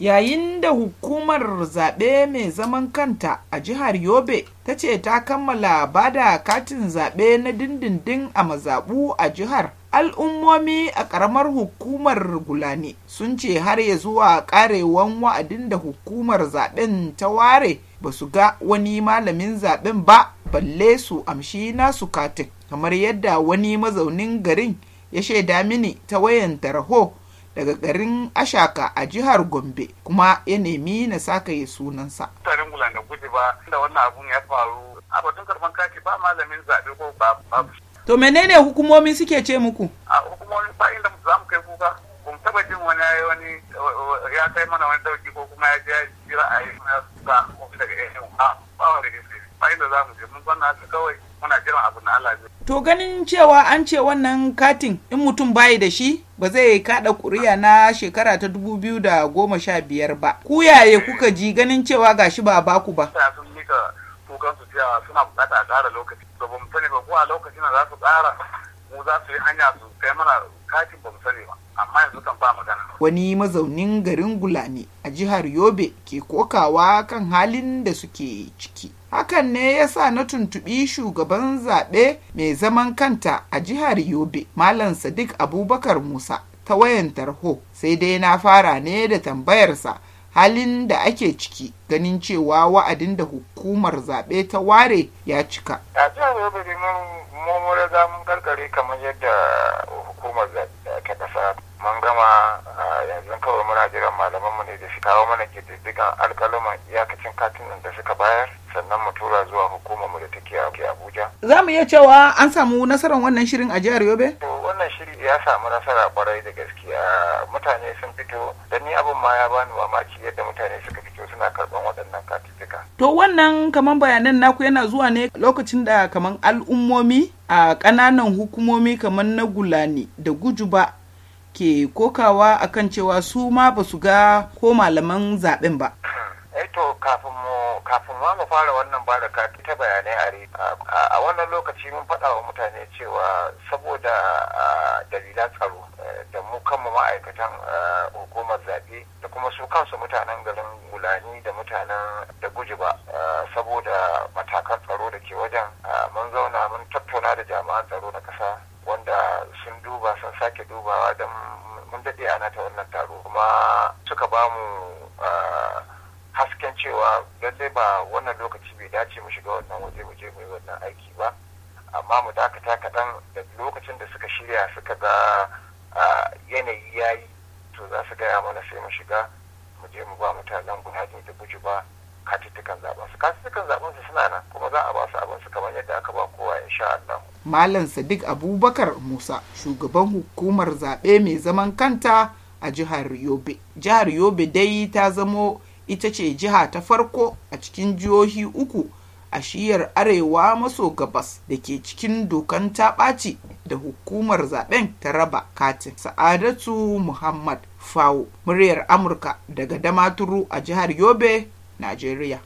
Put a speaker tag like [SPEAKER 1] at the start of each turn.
[SPEAKER 1] yayin da hukumar zaɓe mai zaman kanta a jihar yobe ta ce ta kammala bada katin zaɓe na dindindin a mazaɓu a jihar al'ummomi a ƙaramar hukumar gulani sun ce har ya zuwa ƙarewan wa'adin da hukumar zaɓen ta ware ba su ga wani malamin zaɓen ba balle su amshi nasu katin kamar yadda wani mazaunin garin ya shaida mini ta wayan tarho daga garin Ashaka a jihar Gombe kuma ya nemi na sakaye sunansa.
[SPEAKER 2] Mutanen Gulan da guji ba da wannan abun ya faru a batun karban kaki ba malamin zaɓe ko babu.
[SPEAKER 1] To menene hukumomi suke ce
[SPEAKER 2] muku? A hukumomi ba inda za mu kai kuka. Kun taɓa jin wani wani ya kai mana wani dauki ko kuma ya je jira a yi na suka daga ba wanda ke ba inda za mu je mun zanna haka kawai. muna jiran abin da Allah zai
[SPEAKER 1] to ganin cewa an ce wannan katin in mutum bayi da shi ba zai kada kuriya na shekara ta dubu biyu da goma sha biyar ba ku yaye kuka ji ganin cewa ga ba ba ku ba
[SPEAKER 2] sun ka kukan su cewa suna bukata a kara lokaci to ba mu sani ba ko a lokacin za su kara mu za su yi hanya su kai mana katin ba mu sani ba amma yanzu kan ba magana
[SPEAKER 1] wani mazaunin garin gulani a jihar yobe ke kokawa kan halin da suke ciki hakan ne ya sa na tuntuɓi shugaban zaɓe mai zaman kanta a jihar yobe malam sadiq abubakar musa ta wayan tarho sai dai na fara ne da tambayarsa halin da ake ciki ganin cewa wa'adin da hukumar zaɓe ta ware ya cika.
[SPEAKER 3] a jihar yobe zamun karkare kamar yadda hukumar zaɓe ta ƙasa mun gama kiran malaman mu ne da su kawo mana kididdigan alkaloman iyakacin katunan da suka bayar sannan mu tura zuwa hukumar mu da take a Abuja.
[SPEAKER 1] Za mu iya cewa an samu nasaran wannan shirin a jihar Yobe?
[SPEAKER 3] Wannan shiri ya samu nasara kwarai da gaskiya mutane sun fito da ni abin ma ya bani mamaki yadda mutane suka fito suna karɓan waɗannan katitika.
[SPEAKER 1] To wannan kaman bayanan naku yana zuwa ne lokacin da kaman al'ummomi a ƙananan hukumomi kaman na Gulani da Gujuba ke kokawa akan cewa su ma ba su ga ko malaman zaben ba.
[SPEAKER 3] Eto eh kafin mu ma mu fara wannan baraka ta bayanai a a wannan lokaci mun faɗa wa mutane cewa saboda dalilan tsaro eh, da mu kanmu ma'aikatan eh, hukumar zaɓe da kuma su kansu mutanen garin gulani da mutanen da guji ba saboda matakan tsaro da ke wajen mun zauna mun tattauna da jami'an tsaro na ƙasa son sake dubawa don mun daɗe a nata wannan taro kuma suka ba mu hasken cewa lallai ba wannan lokaci bai dace mu shiga wannan waje mu je mu yi wannan aiki ba amma mu dakata kaɗan da lokacin da suka shirya suka ga yanayi ya yi to za su gaya mana sai mu shiga mu je mu ba mutanen gudaje da guji ba katittukan zaɓen su katittukan zaɓen su suna nan kuma za a ba su abin su kamar yadda aka ba kowa insha Allah
[SPEAKER 1] Malam Sadiq Abubakar Musa shugaban hukumar zaɓe mai zaman kanta a jihar Yobe. Jihar Yobe dai ta zamo ita ce jiha ta farko a cikin jihohi uku a shiyar arewa maso gabas da ke cikin dokan ta ɓaci da hukumar zaɓen ta raba katin sa'adatu muhammad fawo muryar amurka daga damaturu a jihar yobe najeriya